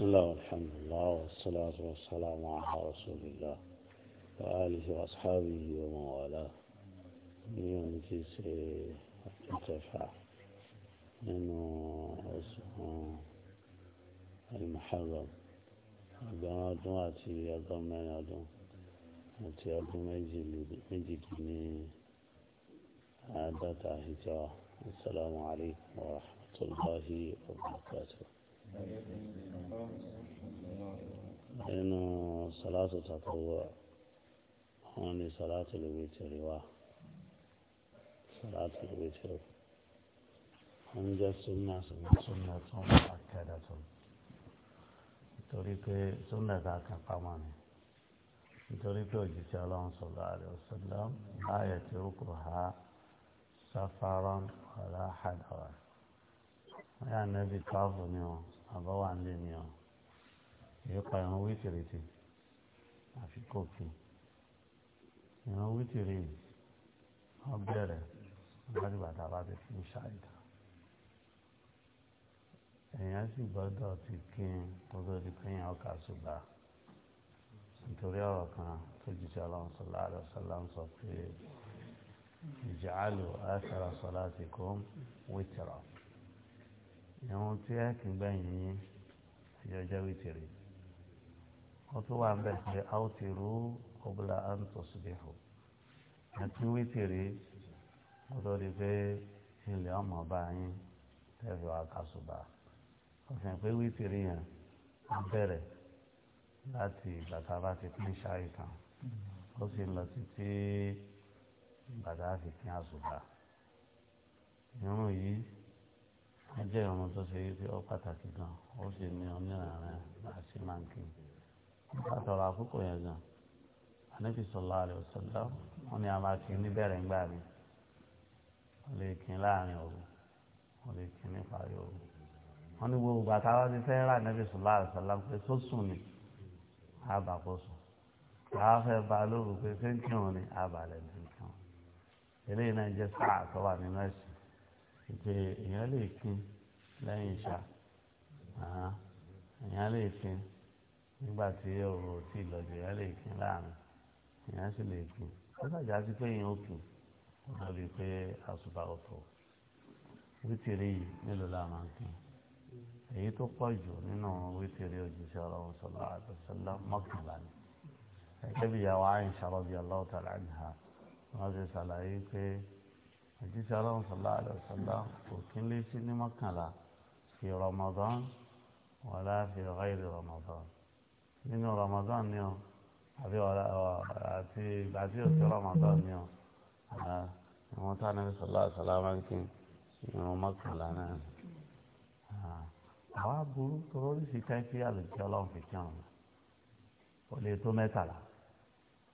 بسم الله والحمد لله والصلاة والسلام على رسول الله وآله وأصحابه ومن والاه اليوم جيسي ارتفع لأنه المحرم أدوان أدوان أتي أدوان من أدوان أتي أدوان ميجي كني عادة السلام عليكم ورحمة الله وبركاته nínú sàlátù tàtàwọ̀ àwọn ní sàlátù lórí tèrè wá sàlátù lórí tèrè wọ́n jẹ́ súnmọ́ súnmọ́ tó ń akẹ́dà tó nítorí pé súnmọ́ tá a kàn pamọ́ ni nítorí pé òjíṣẹ́ ọlọ́run sọ̀rọ̀ àrẹ ọ̀sọ́lá láàyè tí ó kò há sáfárán ọ̀lá àdáwà. wọ́n yà nẹ́bí káfù ni wọ́n àbá wà nílé ni ọ èyí pa ìran wítìrì tì àfi kòkì ìran wítìrì wọn bẹ̀rẹ̀ láti bàtà bá ti fún ṣáìdá èèyàn sì gbọ́dọ̀ ti kí n tó tó di pé èèyàn ṣùgbà nítorí ọ̀rọ̀ kan tó jíjẹ ọlọ́run sọlá àdọ́sọlá ń sọ pé ìjà àlò àṣàrà sọlá ti kó wítìrì ìrun tí ẹ kì í gbẹ̀yìn yín ìyẹn jẹ́ wítìrì wọ́n tún wà ń bẹ̀ pé a ó ti rú ọ̀bùlà àǹtọ̀sídẹ̀fọ̀ àti wítìrì wọ́n tó di pé ilẹ̀ ọmọ bá yín tẹ̀sí wa kàṣùbà òfin pé wítìrì yẹn á bẹ̀rẹ̀ láti ìgbà tá a bá ti pín ṣáì kan ó sì lọ títí ìgbà tá a fi pín àṣùbà ìrun yìí ó jẹ́ ọmọ tó ṣe wípé ó pàtàkì gan ó sì ní onírànràn àti máǹkì látọ̀rọ̀ àkókò yẹn gan ànábì sọlá rẹ̀ ọ̀sọ̀lá wọn ni a máa kí níbẹ̀rẹ̀ ńgbà mi ó lè kí láàrin òru ó lè kí níparí òru wọn ní gbogbo bàtà wọn ti fẹ́ rà ànábì sọlá rẹ̀ ọ̀sọ̀lá pé tó sùn ni àbàkó sùn àá fẹ́ ba lóru pé ṣé ń kírun ni àbàlẹ̀ ń kírun eléyìí náà jẹ́ sáà tó wà nínú ẹ̀sìn. ìpè èèyàn lè sin lẹ́yìn ìṣá èèyàn lè sin nígbà tí òru ti tí èèyàn lè sin láàrin èèyàn sì lè kú ó sàjà sí pé èèyàn ò kù ó dàbí pé àṣùbà ọ̀tọ̀ wítìrì yìí mélòó la máa ń kí èyí tó pọ̀ jù nínú wítìrì òjíṣẹ́ ọlọ́run sọlá àdùsọ́lá mọ́kànlá ni òjíṣẹ́ ọlọ́run sọlá àlọ́sọlá kò kí lé sí ní mọ́kànlá fi rọmọdán wọlá fi ọ̀gáìrì rọmọdán nínú rọmọdán ni ọ àbí ọ̀rá àti ìgbà tí òsì rọmọdán ni ọ ìwọ̀n tá ní sọlá àlọ́sọlá máa ń kí irun mọ́kànlá náà àwa burú torí sì ká kí àlùjẹ́ ọlọ́run fi kí ọ̀run kò lè tó mẹ́tàlá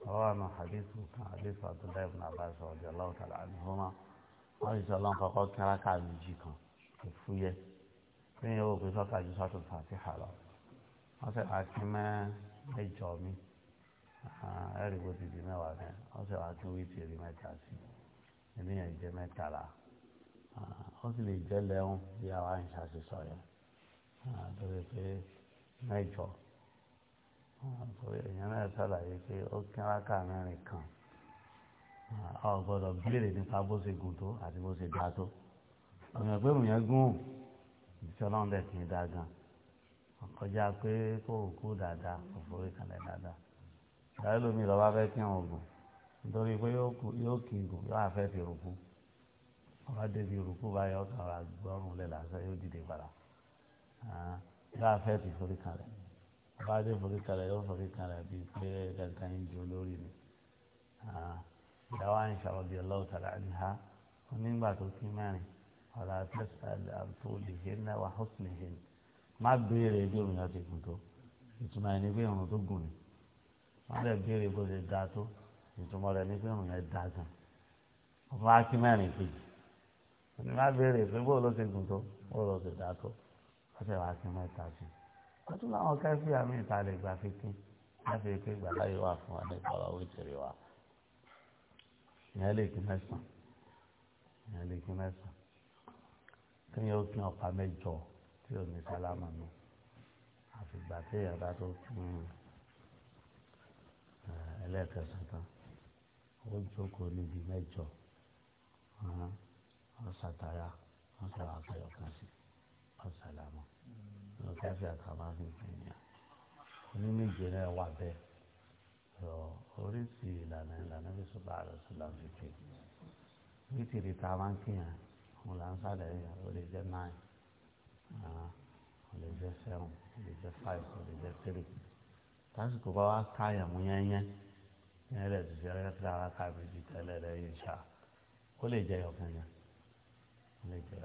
ọ̀rọ̀ àná hadith kan hadith Abdullahi ibn Abbas radiyallahu ta'ala anhuma wọ́n sì sọ lọ́n kọ́kọ́ kí kan kò fúyẹ́ bí yẹn wò pé sọ́kà ju sọ́tò fàtí hà lọ wọ́n sì wá kí mẹ́jọ mi ẹ̀rí wo ti di mẹ́wàá rẹ̀ wọ́n sì wá kí wíìtì rí mẹ́ta sí i eléyàn jẹ́ mẹ́tàlá ó sì lè jẹ́ lẹ́hún bí àwa ń ṣàṣìṣọ yẹn lórí pé mẹ́jọ èèyàn náà ṣàlàyé pé ó kí aráka mẹ́rin kan ọ gbọ́dọ̀ béèrè nípa bó ṣe gùn tó àti bó ṣe dá tó ọmọ ẹgbẹ́ mi yẹn gùn ìṣẹ́ ọlọ́run dẹ̀ kì í dá gan kọjá pé kó o kú dáadáa kò forí kalẹ̀ dáadáa ìdájọ́ lómi ìlọ́wọ́ fẹ́ kí wọn gùn nítorí pé yóò kí gùn yóò àfẹ́ fi rùkú ọba débi rùkú báyọ̀ ọkàn rà gbọ́rùn lẹ̀ lásán yóò dìde padà yóò àfẹ́ fi forí kalẹ̀ ọba dé forí kalẹ̀ yóò forí kalẹ̀ bíi pé kankan ń jó lórí mi ìyàwó àyìnṣà ọ̀dì ọlọ́ọ̀tàlá àníhà onígbà tó kí mẹ́rin ọ̀rọ̀ àtẹ́sàlẹ̀ àtòlìhìn náà wà hosnìhìn má béèrè bí òun yàtọ̀ ìkùn tó ìtumọ̀ ẹni pé òun tó gùn ni wọ́n lè béèrè bó ṣe dáa tó ìtumọ̀ rẹ̀ ni pé òun yẹn dáa gan ọmọ akí mẹ́rin kejì òun má béèrè pé bó ló ṣe gùn tó bó ló ṣe dáa tó wọ́n ṣe wá akí mẹ́ta sí i wọ́n tún láwọn kẹ́fì àmì ìta ìyẹn lè kí mẹ́sàn ìyẹn lè kí mẹ́sàn kéèyàn ó kí ọ̀pá mẹ́jọ tí ò ní sálámà nù àfìgbà téèyàn bá tó fún hmm, ẹlẹ́ẹ̀kẹsàn tán ó jókòó níbi mẹ́jọ wọ́n ṣàtàrà wọ́n ṣe wàá kẹyọ̀ kan sí wọ́n sálámà wọ́n kẹ́fì àkàmá fi fún yàn oníméje náà wà bẹ́ẹ̀ oríṣi ìlànà ìlànà bí sọ́lá rẹ̀ sọ́lá fi pè bí tìrì ta máa ń kíyàn òun là ń sálẹ̀ yẹn ó lè jẹ́ nine ah, ó lè jẹ́ seven ó lè jẹ́ five ó lè jẹ́ three tásìkò bá wá káyàn mú yẹ́nyẹ́ yẹn lè ti ṣe rẹ́tìrì àwọn akáàbí ti tẹ́lẹ̀ rẹ̀ yìí ṣá ó lè jẹ́ ọ̀kan yẹn ó lè jẹ́